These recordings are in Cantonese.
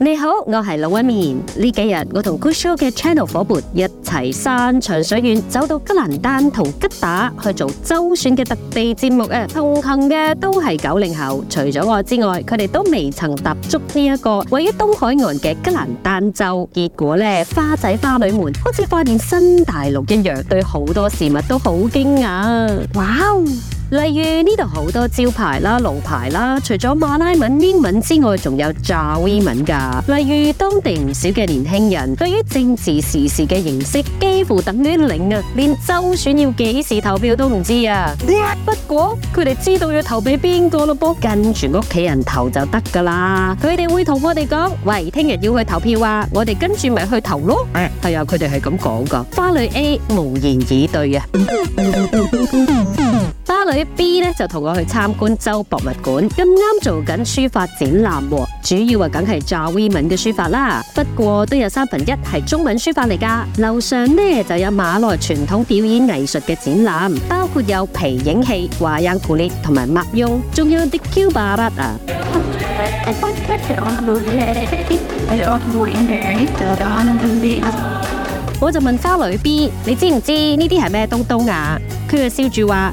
你好，我係老威面。呢幾日我同 Good Show 嘅 Channel 伙伴一齊山長水遠走到吉蘭丹同吉打去做周選嘅特備節目，同行嘅都係九零後，除咗我之外，佢哋都未曾踏足呢、這、一個位於東海岸嘅吉蘭丹州。結果呢，花仔花女們好似發現新大陸一樣，對好多事物都好驚訝。哇哦！例如呢度好多招牌啦、路牌啦，除咗馬拉文、英文之外，仲有爪夷文噶。例如當地唔少嘅年輕人，對於政治時事嘅認識幾乎等於零啊，連州選要幾時投票都唔知啊。啊不過佢哋知道要投俾邊個咯噃，啊、跟住屋企人投就得噶啦。佢哋會同我哋講：喂，聽日要去投票啊，我哋跟住咪去投咯。係、哎、啊，佢哋係咁講噶。花女 A 無言以對啊，花女。B 咧就同我去參觀州博物館，咁啱做緊書法展覽，主要啊梗係爪夷文嘅書法啦。不過都有三分一係中文書法嚟㗎。樓上咧就有馬來傳統表演藝術嘅展覽，包括有皮影戲、Wayang Kulit 同埋 Mak Yong，仲有 Dikir Barat 啊！我就問返女 B，你知唔知呢啲係咩東東啊？佢就笑住話。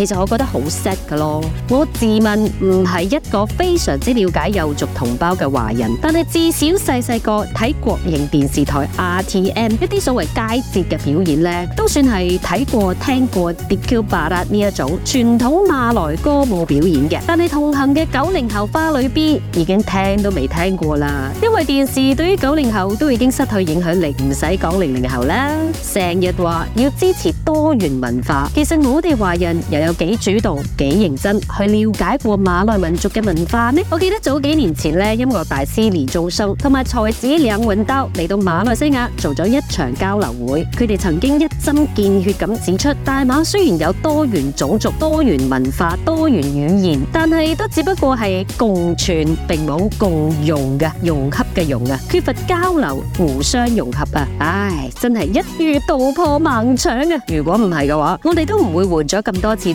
其實我覺得好 sad 噶咯。我自問唔係一個非常之了解幼族同胞嘅華人，但係至少細細個睇國營電視台 RTM 一啲所謂佳節嘅表演咧，都算係睇過聽過 deeku 巴拉呢一種傳統馬來歌舞表演嘅。但係同行嘅九零後花女 B 已經聽都未聽過啦，因為電視對於九零後都已經失去影響力，唔使講零零後啦。成日話要支持多元文化，其實我哋華人又有。有幾主動、幾認真去了解過馬來民族嘅文化呢？我記得早幾年前呢，音樂大師李宗盛同埋才子兩混刀嚟到馬來西亞做咗一場交流會。佢哋曾經一針見血咁指出，大馬雖然有多元種族、多元文化、多元語言，但係都只不過係共存，並冇共融嘅融洽嘅融啊，缺乏交流，互相融合啊！唉，真係一語道破盲腸啊！如果唔係嘅話，我哋都唔會換咗咁多次。